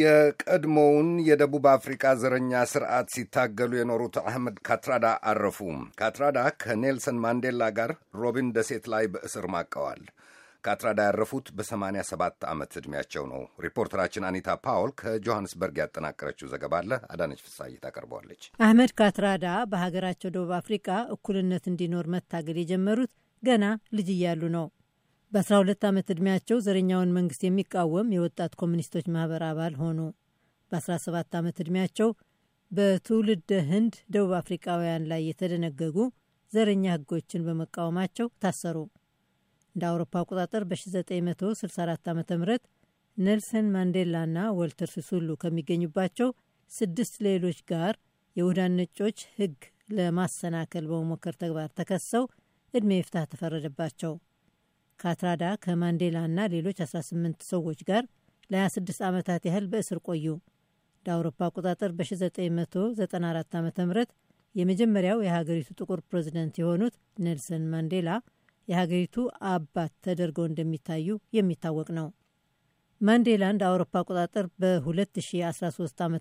የቀድሞውን የደቡብ አፍሪካ ዘረኛ ስርዓት ሲታገሉ የኖሩት አህመድ ካትራዳ አረፉ። ካትራዳ ከኔልሰን ማንዴላ ጋር ሮቢን ደሴት ላይ በእስር ማቀዋል። ካትራዳ ያረፉት በ87 ዓመት ዕድሜያቸው ነው። ሪፖርተራችን አኒታ ፓውል ከጆሐንስበርግ ያጠናቀረችው ዘገባ አለ አዳነች ፍሳይ ታቀርበዋለች። አህመድ ካትራዳ በሀገራቸው ደቡብ አፍሪካ እኩልነት እንዲኖር መታገል የጀመሩት ገና ልጅ እያሉ ነው። በ12 ዓመት ዕድሜያቸው ዘረኛውን መንግስት የሚቃወም የወጣት ኮሚኒስቶች ማህበር አባል ሆኑ። በ17 ዓመት ዕድሜያቸው በትውልደ ህንድ ደቡብ አፍሪካውያን ላይ የተደነገጉ ዘረኛ ህጎችን በመቃወማቸው ታሰሩ። እንደ አውሮፓ አቆጣጠር በ1964 ዓ ም ኔልሰን ማንዴላና ወልተር ሲሱሉ ከሚገኙባቸው ስድስት ሌሎች ጋር የውህዳን ነጮች ህግ ለማሰናከል በመሞከር ተግባር ተከሰው ዕድሜ ይፍታህ ተፈረደባቸው። ካትራዳ ከማንዴላ እና ሌሎች 18 ሰዎች ጋር ለ26 ዓመታት ያህል በእስር ቆዩ። እንደ አውሮፓ አቆጣጠር በ1994 ዓ ም የመጀመሪያው የሀገሪቱ ጥቁር ፕሬዚደንት የሆኑት ኔልሰን ማንዴላ የሀገሪቱ አባት ተደርገው እንደሚታዩ የሚታወቅ ነው። ማንዴላ እንደ አውሮፓ አቆጣጠር በ2013 ዓ ም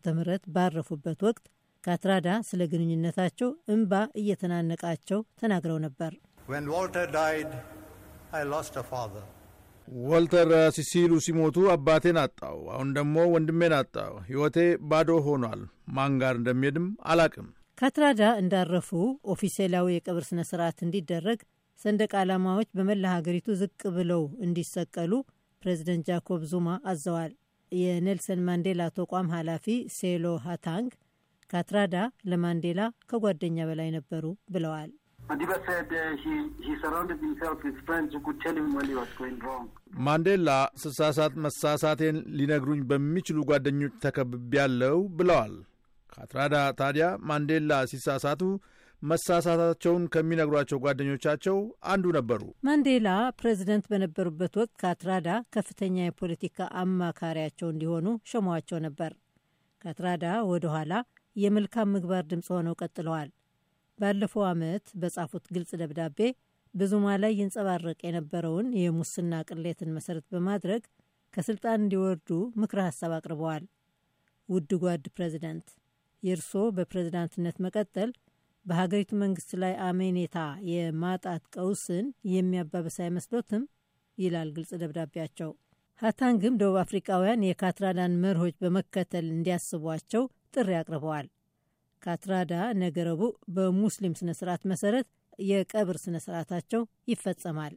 ባረፉበት ወቅት ካትራዳ ስለ ግንኙነታቸው እምባ እየተናነቃቸው ተናግረው ነበር። ወልተር ሲሲሉ ሲሞቱ አባቴን አጣው። አሁን ደግሞ ወንድሜን አጣው። ሕይወቴ ባዶ ሆኗል። ማን ጋር እንደሚሄድም አላቅም። ካትራዳ እንዳረፉ ኦፊሴላዊ የቀብር ስነ ስርዓት እንዲደረግ ሰንደቅ ዓላማዎች በመላ ሀገሪቱ ዝቅ ብለው እንዲሰቀሉ ፕሬዚደንት ጃኮብ ዙማ አዘዋል። የኔልሰን ማንዴላ ተቋም ኃላፊ ሴሎ ሃታንግ ካትራዳ ለማንዴላ ከጓደኛ በላይ ነበሩ ብለዋል። ማንዴላ ስሳሳት መሳሳቴን ሊነግሩኝ በሚችሉ ጓደኞች ተከብቤያለሁ ብለዋል። ካትራዳ ታዲያ ማንዴላ ሲሳሳቱ መሳሳታቸውን ከሚነግሯቸው ጓደኞቻቸው አንዱ ነበሩ። ማንዴላ ፕሬዚደንት በነበሩበት ወቅት ካትራዳ ከፍተኛ የፖለቲካ አማካሪያቸው እንዲሆኑ ሸሟቸው ነበር። ካትራዳ ወደ ኋላ የመልካም ምግባር ድምፅ ሆነው ቀጥለዋል። ባለፈው ዓመት በጻፉት ግልጽ ደብዳቤ በዙማ ላይ ይንጸባረቅ የነበረውን የሙስና ቅሌትን መሰረት በማድረግ ከስልጣን እንዲወርዱ ምክረ ሀሳብ አቅርበዋል። ውድ ጓድ ፕሬዚደንት፣ የእርስዎ በፕሬዚዳንትነት መቀጠል በሀገሪቱ መንግስት ላይ አመኔታ የማጣት ቀውስን የሚያባብስ አይመስሎትም? ይላል ግልጽ ደብዳቤያቸው። ሀታንግም ደቡብ አፍሪካውያን የካትራዳን መርሆች በመከተል እንዲያስቧቸው ጥሪ አቅርበዋል። ካትራዳ ነገ ረቡዕ በሙስሊም ስነ ስርዓት መሰረት የቀብር ስነ ስርዓታቸው ይፈጸማል።